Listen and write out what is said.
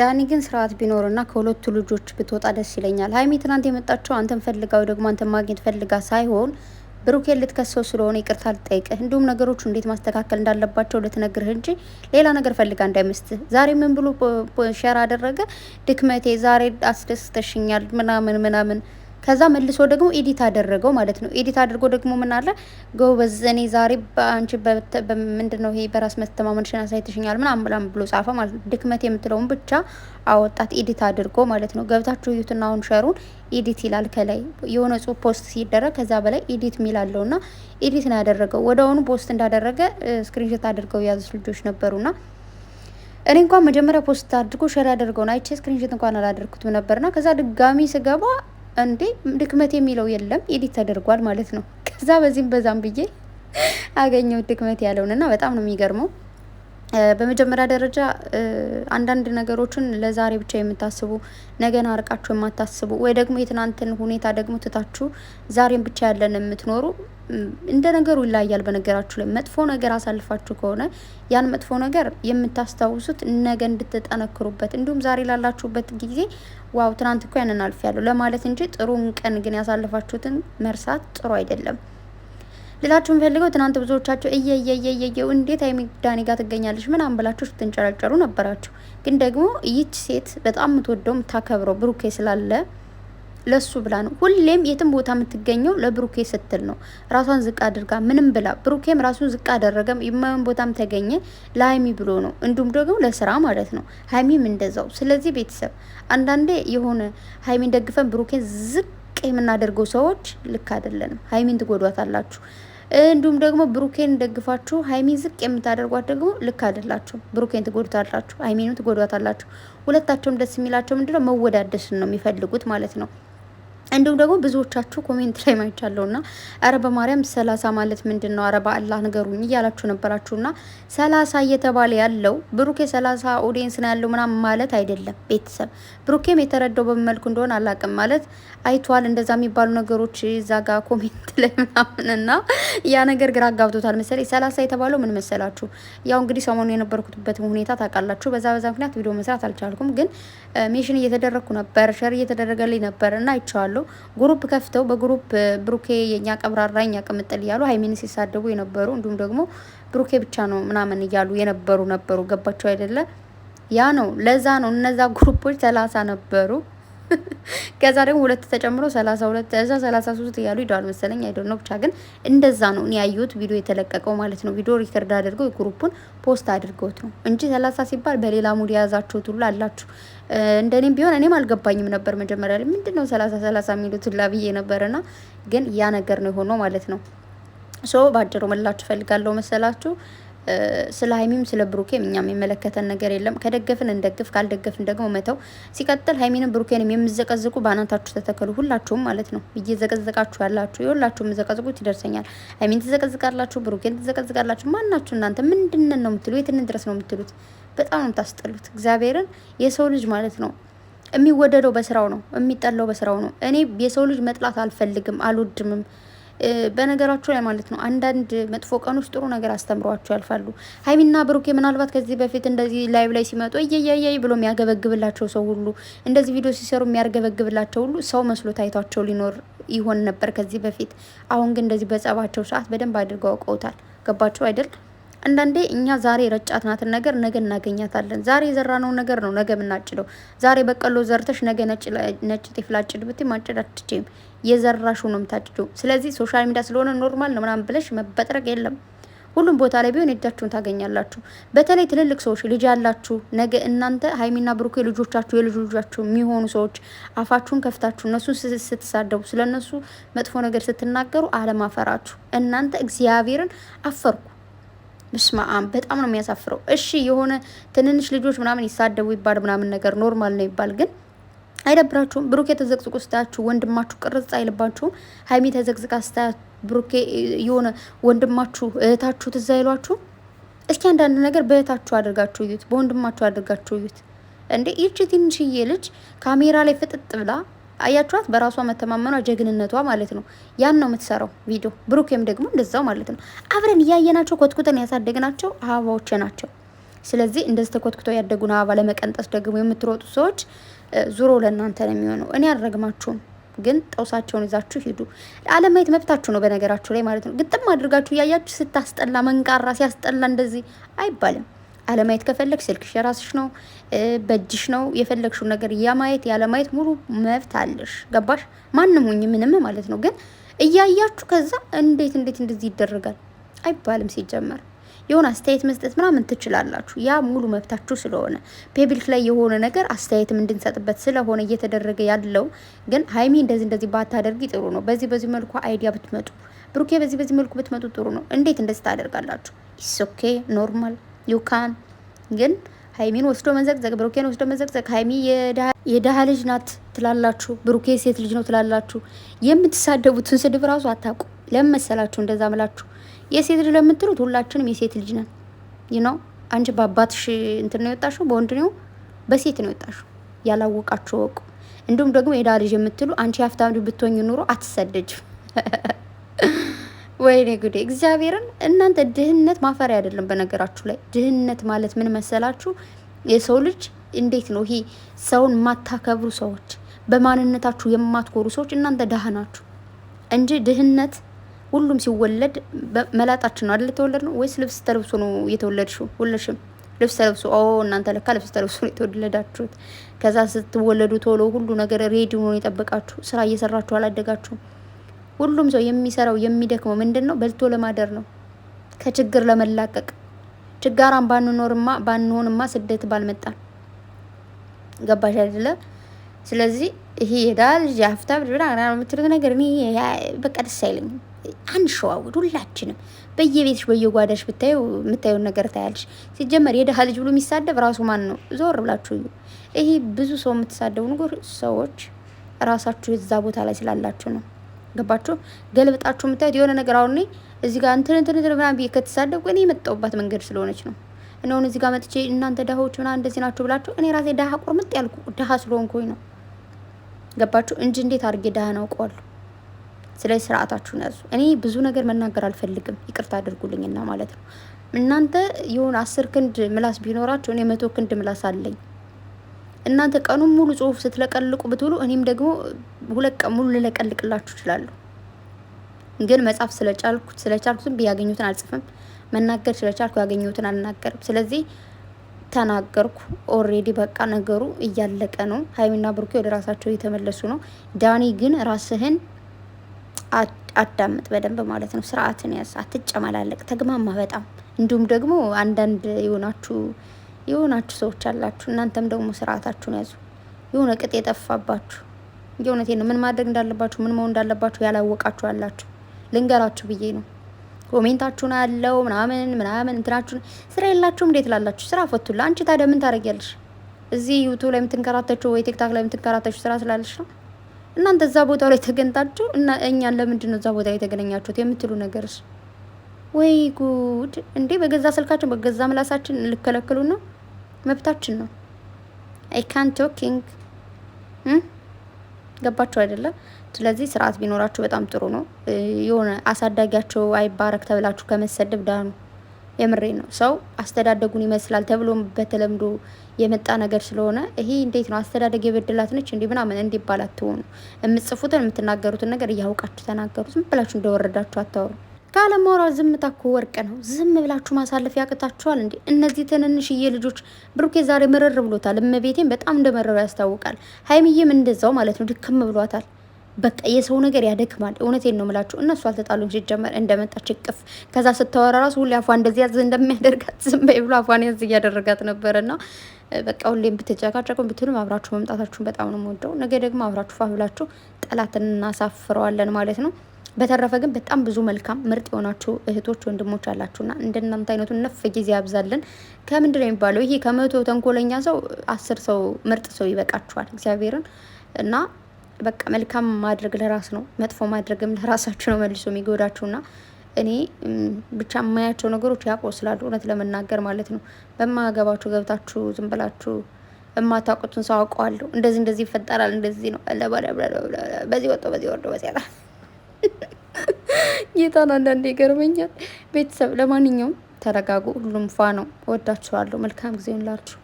ዳኒ ግን ስርዓት ቢኖርና ከሁለቱ ልጆች ብትወጣ ደስ ይለኛል። ሀይሚ ትናንት የመጣችው አንተን ፈልጋ ወይ ደግሞ አንተን ማግኘት ፈልጋ ሳይሆን ብሩኬን ልትከሰው ስለሆነ ይቅርታ ልጠይቅህ እንዲሁም ነገሮቹ እንዴት ማስተካከል እንዳለባቸው ልትነግርህ እንጂ ሌላ ነገር ፈልጋ እንዳይመስልህ። ዛሬ ምን ብሎ ሸር አደረገ? ድክመቴ ዛሬ አስደስተሽኛል ምናምን ምናምን ከዛ መልሶ ደግሞ ኤዲት አደረገው ማለት ነው። ኤዲት አድርጎ ደግሞ ምን አለ ጎበዝ፣ እኔ ዛሬ በአንቺ ምንድን ነው ይሄ በራስ መተማመንሽን አሳይተሽኛል ምናምን ብላም ብሎ ጻፈ ማለት ነው። ድክመት የምትለውን ብቻ አወጣት ኤዲት አድርጎ ማለት ነው። ገብታችሁ እዩትና አሁን ሸሩን ኤዲት ይላል ከላይ የሆነ ጽሁፍ ፖስት ሲደረግ ከዛ በላይ ኤዲት የሚል ና ኤዲት ነው ያደረገው። ወደ አሁኑ ፖስት እንዳደረገ ስክሪንሾት አድርገው የያዙት ልጆች ነበሩ ና እኔ እንኳን መጀመሪያ ፖስት አድርጎ ሸር ያደርገውን አይቼ ስክሪንሾት እንኳን አላደርኩትም ነበርና ከዛ ድጋሚ ስገባ እንዴ ድክመት የሚለው የለም፣ ኤዲት ተደርጓል ማለት ነው። ከዛ በዚህም በዛም ብዬ አገኘው ድክመት ያለውን እና በጣም ነው የሚገርመው። በመጀመሪያ ደረጃ አንዳንድ ነገሮችን ለዛሬ ብቻ የምታስቡ ነገን አርቃችሁ የማታስቡ ወይ ደግሞ የትናንትን ሁኔታ ደግሞ ትታችሁ ዛሬን ብቻ ያለን የምትኖሩ እንደ ነገሩ ይለያያል። በነገራችሁ ላይ መጥፎ ነገር አሳልፋችሁ ከሆነ ያን መጥፎ ነገር የምታስታውሱት ነገ እንድትጠነክሩበት እንዲሁም ዛሬ ላላችሁበት ጊዜ ዋው ትናንት እኮ ያንን አልፌያለሁ ለማለት እንጂ ጥሩን ቀን ግን ያሳልፋችሁትን መርሳት ጥሩ አይደለም። ልላችሁ የምፈልገው ትናንት ብዙዎቻችሁ እየየየየየው እንዴት ሀይሚ ዳኒ ጋር ትገኛለች ምናምን ብላችሁ ስትንጨራጨሩ ነበራችሁ። ግን ደግሞ ይች ሴት በጣም የምትወደው የምታከብረው ብሩኬ ስላለ ለሱ ብላ ነው ሁሌም የትም ቦታ የምትገኘው፣ ለብሩኬ ስትል ነው ራሷን ዝቅ አድርጋ ምንም ብላ። ብሩኬም ራሱን ዝቅ አደረገ የማይሆን ቦታም ተገኘ ለሀይሚ ብሎ ነው፣ እንዲሁም ደግሞ ለስራ ማለት ነው። ሀይሚም እንደዛው። ስለዚህ ቤተሰብ አንዳንዴ የሆነ ሀይሚን ደግፈን ብሩኬን ዝቅ ሀቅ የምናደርገው ሰዎች ልክ አይደለንም። ሀይሚን ትጎዷታላችሁ። እንዲሁም ደግሞ ብሩኬን ደግፋችሁ ሀይሚን ዝቅ የምታደርጓት ደግሞ ልክ አይደላችሁ። ብሩኬን ትጎዱታላችሁ፣ ሀይሚንም ትጎዷታላችሁ። ሁለታቸውም ደስ የሚላቸው ምንድነው መወዳደስን ነው የሚፈልጉት ማለት ነው። እንዲሁም ደግሞ ብዙዎቻችሁ ኮሜንት ላይ ና ኧረ በማርያም ሰላሳ ማለት ምንድን ነው? ኧረ በአላህ ንገሩኝ እያላችሁ ና ሰላሳ እየተባለ ያለው ብሩኬ ሰላሳ ኦዲየንስ ነው ያለው ምናምን ማለት አይደለም። ቤተሰብ ብሩኬም የተረዳው በመልኩ እንደሆነ አላቅም ማለት አይቷል። እንደዛ የሚባሉ ነገሮች እዛ ጋ ኮሜንት ላይ ና ያ ነገር ግራ አጋብቶታል መሰለኝ። ሰላሳ የተባለው ምን መሰላችሁ? ያው እንግዲህ ሰሞኑ የነበርኩትበት ሁኔታ ታውቃላችሁ። በዛ በዛ ምክንያት ቪዲዮ መስራት አልቻልኩም፣ ግን ሜሽን እየተደረግኩ ነበር፣ ሸር እየተደረገልኝ ነበር እና አይቼዋለሁ ግሩፕ ከፍተው በግሩፕ ብሩኬ የኛ ቀብራራ የኛ ቅምጥል እያሉ ሀይሚን ሲሳደቡ የነበሩ እንዲሁም ደግሞ ብሩኬ ብቻ ነው ምናምን እያሉ የነበሩ ነበሩ። ገባቸው አይደለ? ያ ነው ለዛ ነው እነዛ ግሩፖች ሰላሳ ነበሩ። ከዛ ደግሞ ሁለት ተጨምሮ ሰላሳ ሁለት እዛ ሰላሳ ሶስት እያሉ ሄደዋል መሰለኝ አይደል ነው። ብቻ ግን እንደዛ ነው እኔ ያየሁት ቪዲዮ የተለቀቀው ማለት ነው። ቪዲዮ ሪከርድ አድርገው የግሩፑን ፖስት አድርገውት ነው እንጂ ሰላሳ ሲባል በሌላ ሙድ የያዛችሁት ሁሉ አላችሁ። እንደኔም ቢሆን እኔም አልገባኝም ነበር መጀመሪያ ላይ ምንድን ነው ሰላሳ ሰላሳ የሚሉት ሁላ ብዬ ነበርና ግን ያ ነገር ነው የሆነው ማለት ነው። ሶ ባጭሩ ምላችሁ ፈልጋለሁ መሰላችሁ ስለ ሀይሚም ስለ ብሩኬም እኛም የመለከተን ነገር የለም። ከደገፍን እንደግፍ፣ ካልደገፍን ደግሞ መተው። ሲቀጥል ሀይሚንም ብሩኬንም የምዘቀዝቁ በአናታችሁ ተተከሉ፣ ሁላችሁም ማለት ነው። እየዘቀዘቃችሁ ያላችሁ የሁላችሁም ዘቀዝቁት ይደርሰኛል። ሀይሚን ትዘቀዝቃላችሁ፣ ብሩኬን ትዘቀዝቃላችሁ። ማናችሁ እናንተ ምንድንን ነው የምትሉ? የትንን ድረስ ነው የምትሉት? በጣም ነው የምታስጠሉት። እግዚአብሔርን የሰው ልጅ ማለት ነው የሚወደደው በስራው ነው፣ የሚጠላው በስራው ነው። እኔ የሰው ልጅ መጥላት አልፈልግም፣ አልወድምም በነገራችሁ ላይ ማለት ነው አንዳንድ መጥፎ ቀኖች ጥሩ ነገር አስተምሯቸው ያልፋሉ። ሀይሚና ብሩኬ ምናልባት ከዚህ በፊት እንደዚህ ላይቭ ላይ ሲመጡ እየያያይ ብሎ የሚያገበግብላቸው ሰው ሁሉ እንደዚህ ቪዲዮ ሲሰሩ የሚያርገበግብላቸው ሁሉ ሰው መስሎ ታይቷቸው ሊኖር ይሆን ነበር ከዚህ በፊት። አሁን ግን እንደዚህ በጸባቸው ሰዓት በደንብ አድርገው አውቀውታል። ገባቸው አይደል? አንዳንዴ እኛ ዛሬ ረጫትናትን ነገር ነገ እናገኛታለን። ዛሬ የዘራነው ነገር ነው ነገ የምናጭደው። ዛሬ በቀሎ ዘርተሽ ነገ ነጭ ጤፍ ላጭድ ብትይ ማጭድ አትችይም። የዘራሹ ነው የምታጭጂው። ስለዚህ ሶሻል ሚዲያ ስለሆነ ኖርማል ነው ምናምን ብለሽ መበጥረቅ የለም። ሁሉም ቦታ ላይ ቢሆን የእጃችሁን ታገኛላችሁ። በተለይ ትልልቅ ሰዎች ልጅ ያላችሁ ነገ እናንተ ሀይሚና ብሩኬ ልጆቻችሁ የልጅ ልጆቻችሁ የሚሆኑ ሰዎች አፋችሁን ከፍታችሁ እነሱን ስትሳደቡ ስለ እነሱ መጥፎ ነገር ስትናገሩ አለማፈራችሁ እናንተ እግዚአብሔርን አፈርኩ ምስማአም በጣም ነው የሚያሳፍረው። እሺ የሆነ ትንንሽ ልጆች ምናምን ይሳደቡ ይባል ምናምን ነገር ኖርማል ነው ይባል ግን አይደብራችሁም? ብሩኬ ተዘቅዝቁ ስታያችሁ ወንድማችሁ ቅርጽ አይልባችሁም? ሀይሚ ተዘቅዝቃ ስታያ ብሩኬ የሆነ ወንድማችሁ እህታችሁ ትዝ አይሏችሁ? እስኪ አንዳንድ ነገር በእህታችሁ አድርጋችሁ እዩት፣ በወንድማችሁ አድርጋችሁ እዩት። እንዴ ይቺ ትንሽዬ ልጅ ካሜራ ላይ ፍጥጥ ብላ አያችኋት? በራሷ መተማመኗ ጀግንነቷ ማለት ነው። ያን ነው የምትሰራው ቪዲዮ። ብሩኬም ደግሞ እንደዛው ማለት ነው። አብረን እያየናቸው ኮትኩተን ያሳደግናቸው አበባዎች ናቸው። ስለዚህ እንደዚህ ተኮትኩተው ያደጉን አበባ ለመቀንጠስ ደግሞ የምትሮጡ ሰዎች ዙሮ ለእናንተ ነው የሚሆነው። እኔ አልረግማችሁም፣ ግን ጠውሳቸውን ይዛችሁ ሂዱ። አለማየት መብታችሁ ነው በነገራችሁ ላይ ማለት ነው። ግጥም አድርጋችሁ እያያችሁ ስታስጠላ፣ መንቃራ ሲያስጠላ እንደዚህ አይባልም። አለማየት ከፈለግ ስልክሽ የራስሽ ነው፣ በእጅሽ ነው። የፈለግሽው ነገር ያማየት ያለማየት ሙሉ መብት አለሽ። ገባሽ? ማንም ሁኝ ምንም ማለት ነው። ግን እያያችሁ ከዛ እንዴት እንዴት እንደዚህ ይደረጋል አይባልም። ሲጀመር የሆነ አስተያየት መስጠት ምናምን ትችላላችሁ። ያ ሙሉ መብታችሁ ስለሆነ ፔብሊክ ላይ የሆነ ነገር አስተያየትም እንድንሰጥበት ስለሆነ እየተደረገ ያለው ግን ሀይሚ እንደዚህ እንደዚህ ባታደርጊ ጥሩ ነው፣ በዚህ በዚህ መልኩ አይዲያ ብትመጡ፣ ብሩኬ በዚህ በዚህ መልኩ ብትመጡ ጥሩ ነው። እንዴት እንደዚህ ታደርጋላችሁ? ኢስ ኦኬ ኖርማል ዩካን ግን ሀይሚን ወስዶ መዘቅዘቅ፣ ብሩኬን ወስዶ መዘቅዘቅ። ሀይሚ የድሀ ልጅ ናት ትላላችሁ፣ ብሩኬ ሴት ልጅ ነው ትላላችሁ። የምትሳደቡትን ስድብ ራሱ አታውቁ። ለምን መሰላችሁ እንደዛ ምላችሁ? የሴት ልጅ ለምትሉት ሁላችንም የሴት ልጅ ነን። ይህ ነው። አንቺ በአባትሽ እንትን ነው የወጣሽው፣ በወንድ ነው፣ በሴት ነው የወጣሽው። ያላወቃችሁ ወቁ። እንዲሁም ደግሞ የድሀ ልጅ የምትሉ አንቺ የሀብታም ልጅ ብትሆኝ ኑሮ አትሰደጅም። ወይኔ ጉዴ! እግዚአብሔርን እናንተ ድህነት ማፈሪ አይደለም። በነገራችሁ ላይ ድህነት ማለት ምን መሰላችሁ? የሰው ልጅ እንዴት ነው ይሄ ሰውን የማታከብሩ ሰዎች፣ በማንነታችሁ የማትኮሩ ሰዎች እናንተ ደሃ ናችሁ እንጂ ድህነት ሁሉም ሲወለድ መላጣችን ነው አይደል? የተወለድ ነው ወይስ ልብስ ተለብሶ ነው የተወለድሽው? ሁለሽም ልብስ ተለብሶ። ኦ እናንተ ለካ ልብስ ተለብሶ ነው የተወለዳችሁት። ከዛ ስትወለዱ ቶሎ ሁሉ ነገር ሬዲ ነው የጠበቃችሁ። ስራ እየሰራችሁ አላደጋችሁም። ሁሉም ሰው የሚሰራው የሚደክመው ምንድን ነው? በልቶ ለማደር ነው፣ ከችግር ለመላቀቅ ችጋራን ባንኖርማ ባንሆንማ ስደት ባልመጣ ገባሽ አይደለ? ስለዚህ ይሄ የዳል ጃፍታ ብላ የምትሉት ነገር በቃ ደስ አይለኝ። አንሸዋውድ ሁላችንም በየቤትሽ በየጓዳሽ ብታየው የምታየውን ነገር ታያለሽ። ሲጀመር የድሀ ልጅ ብሎ የሚሳደብ ራሱ ማን ነው? ዞር ብላችሁ እዩ። ይሄ ብዙ ሰው የምትሳደቡ ንጉር ሰዎች ራሳችሁ እዛ ቦታ ላይ ስላላችሁ ነው። ገባችሁ? ገልብጣችሁ የምታዩት የሆነ ነገር አሁን እዚህ ጋር እንትን እንትን እንትን ምናምን ብዬ ከተሳደብኩ እኔ የመጣሁባት መንገድ ስለሆነች ነው። እነሆን እዚህ ጋር መጥቼ እናንተ ድሀዎች ምናምን እንደዚህ ናችሁ ብላችሁ እኔ ራሴ ድሀ ቁርምጥ ያልኩ ድሀ ስለሆንኩኝ ነው። ገባችሁ? እንጂ እንዴት አድርጌ ነው አውቀዋለሁ። ስለዚህ ስርዓታችሁን ያዙ። እኔ ብዙ ነገር መናገር አልፈልግም፣ ይቅርታ አድርጉልኝና ማለት ነው። እናንተ የሆነ አስር ክንድ ምላስ ቢኖራችሁ እኔ መቶ ክንድ ምላስ አለኝ። እናንተ ቀኑን ሙሉ ጽሁፍ ስትለቀልቁ ብትውሉ እኔም ደግሞ ሁለት ቀን ሙሉ ልለቀልቅላችሁ እችላለሁ። ግን መጻፍ ስለቻልኩ ስለቻልኩ ዝም ብዬ ያገኘሁትን አልጽፍም። መናገር ስለቻልኩ ያገኙትን አልናገርም። ስለዚህ ተናገርኩ። ኦሬዲ በቃ ነገሩ እያለቀ ነው። ሀይሚና ብሩኬ ወደ ራሳቸው እየተመለሱ ነው። ዳኒ ግን ራስህን አዳምጥ በደንብ ማለት ነው። ስርዓትን ያዝ፣ አትጨመላለቅ። ተግማማ በጣም እንዲሁም ደግሞ አንዳንድ የሆናችሁ የሆናችሁ ሰዎች አላችሁ። እናንተም ደግሞ ስርዓታችሁን ያዙ። የሆነ ቅጥ የጠፋባችሁ የእውነቴ ነው። ምን ማድረግ እንዳለባችሁ ምን መሆን እንዳለባችሁ ያላወቃችሁ አላችሁ። ልንገራችሁ ብዬ ነው። ኮሜንታችሁን አለው ምናምን ምናምን እንትናችሁን ስራ የላችሁም እንዴት ላላችሁ ስራ ፈቱላ። አንቺ ታዲያ ምን ታደርጊያለሽ? እዚህ ዩቱብ ላይ የምትንከራተችው ወይ ቲክታክ ላይ የምትንከራተችው ስራ ስላለች ነው። እናንተ እዛ ቦታ ላይ ተገንታችሁ እና እኛን ለምንድን ነው እዛ ቦታ ላይ የተገናኛችሁት የምትሉ ነገርስ? ወይ ጉድ! እንዴ በገዛ ስልካችን በገዛ ምላሳችን ልከለክሉ ነው። መብታችን ነው። አይ ካን ቶኪንግ ገባችሁ አይደለም? ስለዚህ ስርዓት ቢኖራችሁ በጣም ጥሩ ነው። የሆነ አሳዳጊያቸው አይባረክ ተብላችሁ ከመሰደብ ዳኑ። የምሬ ነው። ሰው አስተዳደጉን ይመስላል ተብሎ በተለምዶ የመጣ ነገር ስለሆነ ይሄ እንዴት ነው አስተዳደግ የበደላት ነች እንዲህ ምናምን እንዲባል አትሆኑ። የምትጽፉትን የምትናገሩትን ነገር እያውቃችሁ ተናገሩ። ዝም ብላችሁ እንደወረዳችሁ አታወሩ። ካለማውራት ዝምታ እኮ ወርቅ ነው። ዝም ብላችሁ ማሳለፍ ያቅታችኋል እንዴ? እነዚህ ትንንሽዬ ልጆች ብሩኬ ዛሬ ምርር ብሎታል። እመቤቴን በጣም እንደመረሩ ያስታውቃል። ሀይምዬም እንደዛው ማለት ነው፣ ድክም ብሏታል። በቃ የሰው ነገር ያደክማል። እውነቴን ነው ምላችሁ። እነሱ አልተጣሉም ሲጀመር፣ እንደመጣች እቅፍ ከዛ ስታወራ ራሱ ሁሌ አፏ እንደዚህ ያዝ እንደሚያደርጋት ዝም በይ ብሎ አፏን ያዝ እያደረጋት ና በቃ ሁሌም ብትጨቃጨቁም ብትሉም አብራችሁ መምጣታችሁን በጣም ነው የምወደው። ነገ ደግሞ አብራችሁ ፋ ብላችሁ ጠላትን እናሳፍረዋለን ማለት ነው። በተረፈ ግን በጣም ብዙ መልካም ምርጥ የሆናችሁ እህቶች ወንድሞች አላችሁና እንደናንተ አይነቱን ነፍ ጊዜ ያብዛልን። ከምንድን ነው የሚባለው? ይሄ ከመቶ ተንኮለኛ ሰው አስር ሰው ምርጥ ሰው ይበቃችኋል። እግዚአብሔርን እና በቃ መልካም ማድረግ ለራስ ነው፣ መጥፎ ማድረግም ለራሳችሁ ነው መልሶ የሚጎዳችሁና እኔ ብቻ የማያቸው ነገሮች ያቆስላሉ። እውነት ለመናገር ማለት ነው። በማገባችሁ ገብታችሁ ዝም ብላችሁ የማታውቁትን ሰው አውቀዋለሁ፣ እንደዚህ እንደዚህ ይፈጠራል፣ እንደዚህ ነው፣ በዚህ ወጥቶ በዚህ ወርዶ በዚህ ጌታን አንዳንዴ ይገርመኛል። ቤተሰብ ለማንኛውም ተረጋጉ። ሁሉም ፋ ነው። ወዳችኋለሁ። መልካም ጊዜ ላችሁ